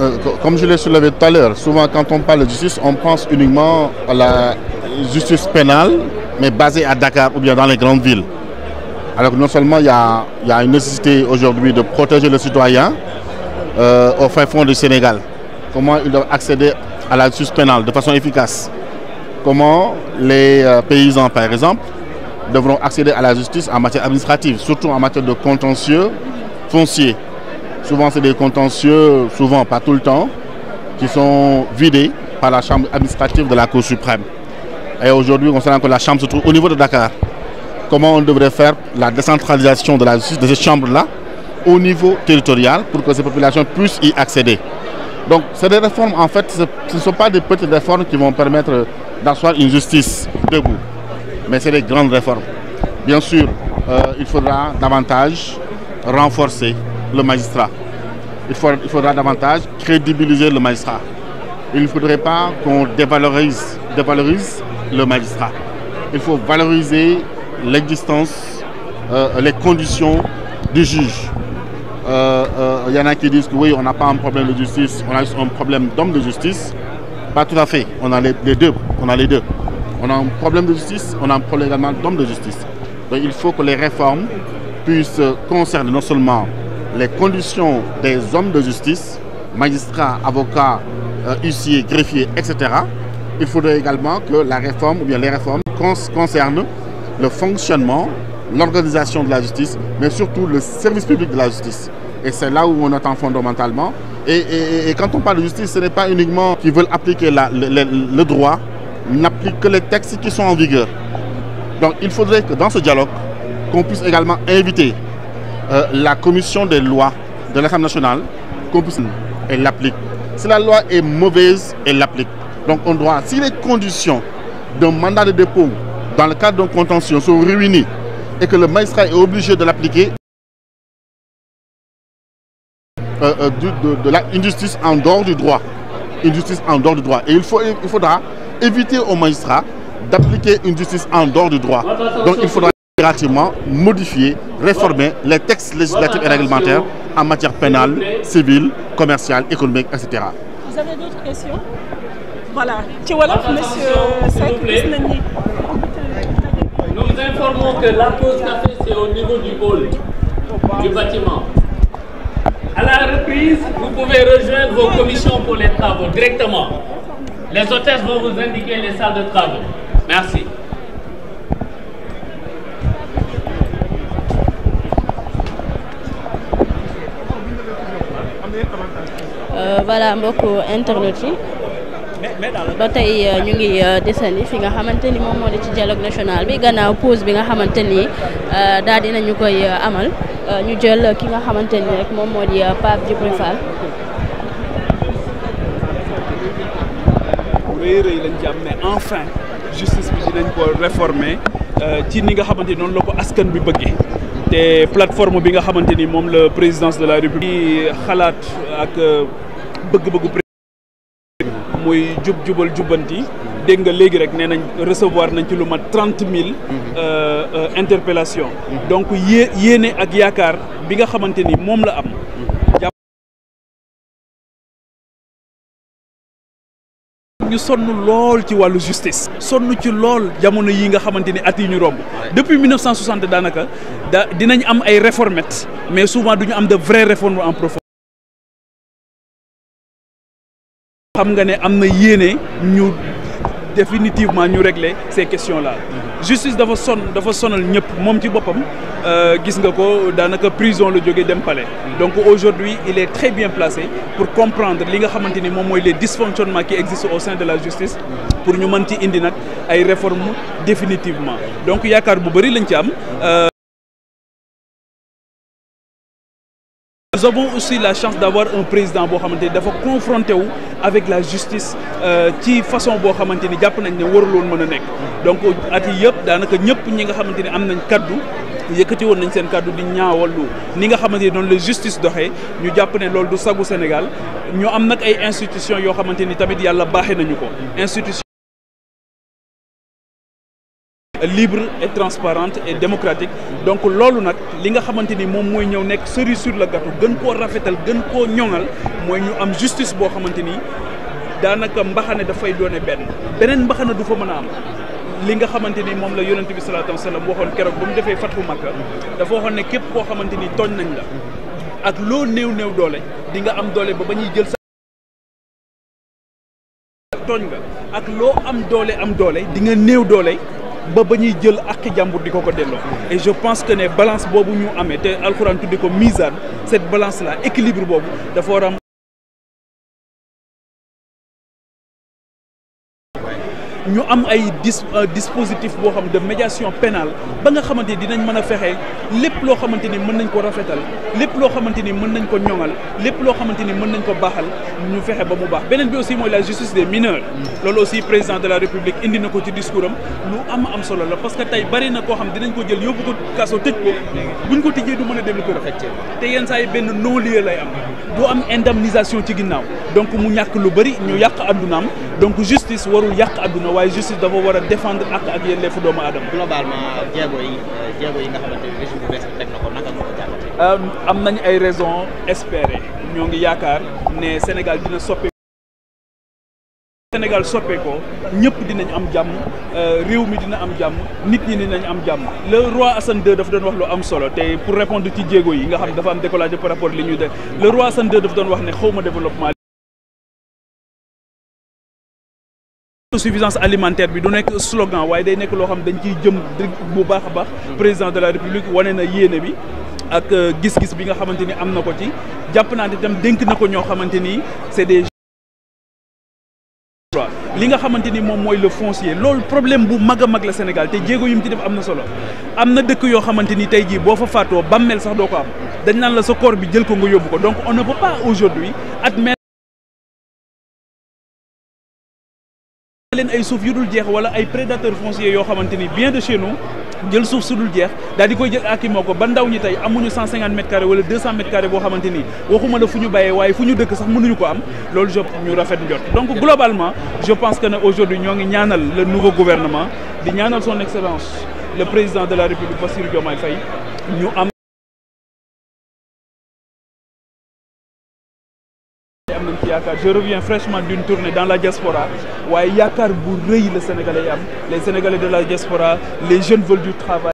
Euh, comme je l'ai soulevé tout à l'heure, souvent quand on parle de justice, on pense uniquement à la justice pénale, mais basée à Dakar ou bien dans les grandes villes. Alors que non seulement il y a, une nécessité aujourd'hui de protéger le citoyen euh, au fin fond du Sénégal, comment il doit accéder à la justice pénale de façon efficace, comment les euh, paysans par exemple devront accéder à la justice en matière administrative, surtout en matière de contentieux foncier. Souvent, c'est des contentieux, souvent pas tout le temps, qui sont vidés par la chambre administrative de la Cour suprême. Et aujourd'hui, considérant que la chambre se trouve au niveau de Dakar, comment on devrait faire la décentralisation de, la, de cette là au niveau territorial pour que ces populations puissent y accéder. Donc, c'est des réformes, en fait, ce ne sont pas des petites réformes qui vont permettre d'asseoir une justice debout, mais c'est des grandes réformes. Bien sûr, euh, il faudra davantage le magistrat. Il faudra, il faudra davantage crédibiliser le magistrat. Il ne faudrait pas qu'on dévalorise, le magistrat. Il faut valoriser l'existence, euh, les conditions du juge. Euh, euh, a oui, on n'a pas un problème de justice, on a juste un problème d'homme de justice. Pas tout à fait, on a les, deux. On a un problème de justice, on a un problème également d'homme de justice. Donc il faut que les réformes puissent concerner non seulement les conditions des hommes de justice, magistrats, avocats, euh, huissiers, greffiers, etc. Il faudrait également que la réforme ou bien les réformes concernent le fonctionnement, l'organisation de la justice, mais surtout le service public de la justice. Et c'est là où on attend fondamentalement. Et, et, quand on parle de justice, ce n'est pas uniquement qu'ils veulent appliquer le, le, le, droit, n'appliquent que les textes qui sont en vigueur. il faudrait que dans ce dialogue, qu'on Euh, la commission des lois de l'Assemblée nationale et l'applique. Si la loi est mauvaise, elle l'applique. Donc on doit, si les conditions d'un mandat de dépôt dans le cadre d'un contentieux sont réunies et que le magistrat est obligé de l'appliquer, euh, euh, de, de, la, une justice en dehors du droit. Une justice en dehors du droit. Et il, faut, il faudra éviter aux magistrats d'appliquer une justice en dehors du droit. gratuitement modifier, réformer les textes législatifs et réglementaires en matière pénale, civile, commerciale, économique, etc. Vous avez d'autres questions Voilà. Ci wolof, monsieur Seck, gis nañ ni. Nous vous informons que la pause café, c'est au niveau du hall du bâtiment. À la reprise, vous pouvez rejoindre vos commissions pour les travaux directement. Les hôtesses vont vous indiquer les salles de travaux. Merci. voilà mbokku internet yi ba tey euh, ñu ngi euh, desandi fi nga xamante ni moom moo di ci dialogue national bi gannaaw pause bi nga xamante ni euh, daal dinañu koy amal ñu jël ki nga xamante ni rek moom moo di Pape Djibril Fall rëy rëy lañ ci am mais enfin justice bi dinañ ko réformer ci ni nga xamante ni noonu la ko askan bi bëggee te plateforme bi nga xamante ni moom la présidence de la république xalaat ak bëgg-bëggu président muy jub jubal jubbanti dégg nga léegi rek nee nañ recevoir nañ ci lu mat trente mille mhm. euh, euh, interpellations donc yée yéene ak yaakaar bi nga xamante ni moom la am ñu sonn lool ci wàllu justice sonn ci lool jamono yi nga xamante ni at yi ñu romb depuis 1960 daanaka da dinañ am ay réformettes mais souvent duñu am de vraies réformes en profondeur xam nga ne am na yéene ñu définitivement ñu régler ces questions la justice dafa son dafa sonal ñëpp moom ci boppam euh, gis nga ko daanaka prison la jóge dem palais donc aujourd'hui il est très bien placé pour comprendre li nga xamante ni moom mooy les dysfonctionnements qui existent au sein de la justice pour ñu mën ci indi nag ay réformes définitivement donc yaakaar bu bëri lañ ci am euh, nous avons aussi la chance d'avoir un président boo xamante ni dafa confronté wu avec la justice euh, ci façon boo xamante ni jàpp nañ ne waruloon mën a nekk donc at yi yëpp daanaka ñëpp ñi nga xamante ni am nañ kaddu yëkkati woon nañ seen kàddu di lu ni nga xamante ni noonu la justice doxee ñu jàpp ne loolu du sagu Sénégal ñoo am nag ay institutions yoo xamante ni tamit yàlla baaxee nañu ko institution libre et transparente et democratique donc loolu nag li nga xamante ni moom mooy ñëw nekk cerise sur le gâteau gën koo rafetal gën koo ñoŋal mooy ñu am justice boo xamante ni daanaka mbaxane dafay doone benn beneen mbaxane du fa mën a am li nga xamante ni moom la yonent bi salaatu wasalaam waxoon keroog ba mu defee fatfu Makka dafa waxoon ne képp koo xamante ni tooñ nañ la ak loo néew néew doole di nga am doole ba ba ñuy jël sa tooñ nga ak loo am doole am doole di nga néew doole ba ba ñuy jël ak jàmbur di ko ko delloo. et je pense que ne balance boobu ñu amee te alxuraan tuddi ko misaan cette balance la équilibre boobu dafa war ñu am ay dis euh, dispositif boo xam de médiation pénale ba nga xamante ni dinañ mën a fexe lépp loo xamante ni mën nañ ko rafetal lépp loo xamante ni mën nañ ko ñoŋal lépp loo xamante ni mën nañ ko baaxal ñu fexe ba mu baax beneen bi aussi mooy la justice des mineurs loolu aussi président de la république indi na ko ci discours am lu am am solo la parce que tey bari na koo xam dinañ ko jël yóbbu ko kaso tëj ko buñ ko tijjee du mën a dem ko te yenn saa yi benn non lieu lay am du am indemnisation ci ginnaaw donc mu ñàkk lu bari ñu yàq addunaam donc justice warul yàq àdduna waaye justice dafa war a défendre ak ak yelleefu doomu aadama. globalement jéego yi euh, jéego yi nga xamante ne régime bu bees bi euh, am nañ ay raisons espérer ñoo ngi yaakaar ne Sénégal dina soppe Sénégal soppee ñëpp dinañ am jàmm euh, réew mi am jàmm nit ñi am jàmm le roi Hassan II dafa doon wax lu am solo te pour répondre ci jéego yi nga xam dafa am décollage par rapport li le roi Hassan II dafa doon wax ne xaw ma développement autosuffisance alimentaire bi du nekk slogan waaye day nekk loo xam dañ ciy jëm bu baax a baax mm-hmm. président de la république wane na yéene bi ak euh, gis-gis bi nga xamante ni am na ko ci jàpp naa ne itam dénk na ko ñoo xamante ni c'est des li nga xamante ni moom mooy le foncier loolu problème bu mag a mag la Sénégal te jéego yu mu ci def am na solo am na dëkk yoo xamante ni tey jii boo fa fàtto faatoo bàmmeel sax doo ko am dañ naan la sa corps bi jël ko nga yóbbu ko donc on leen ay suuf yu dul jeex wala ay prédateurs fonciers yoo xamante bien de chez jël suuf su dul jeex daal di koy jël ak moo ko ba ndaw ñi tey amuñu 150 mètres carrés wala 200 mètres carrés boo xamante ni waxuma la fu ñu bàyyee waaye fu ñu dëkk sax mënuñu ko am loolu je ñu rafet njot donc globalement je pense que ne aujourd'hui ñoo ngi ñaanal le nouveau gouvernement di ñaanal son excellence le président de la république Bassirou Diomaye Faye ñu am yaakaar je reviens fraîchement d'une tournée dans la diaspora waaye yaakaar bu rëy la sénégalais yi am les sénégalais de la diaspora les jeunes veulent du travail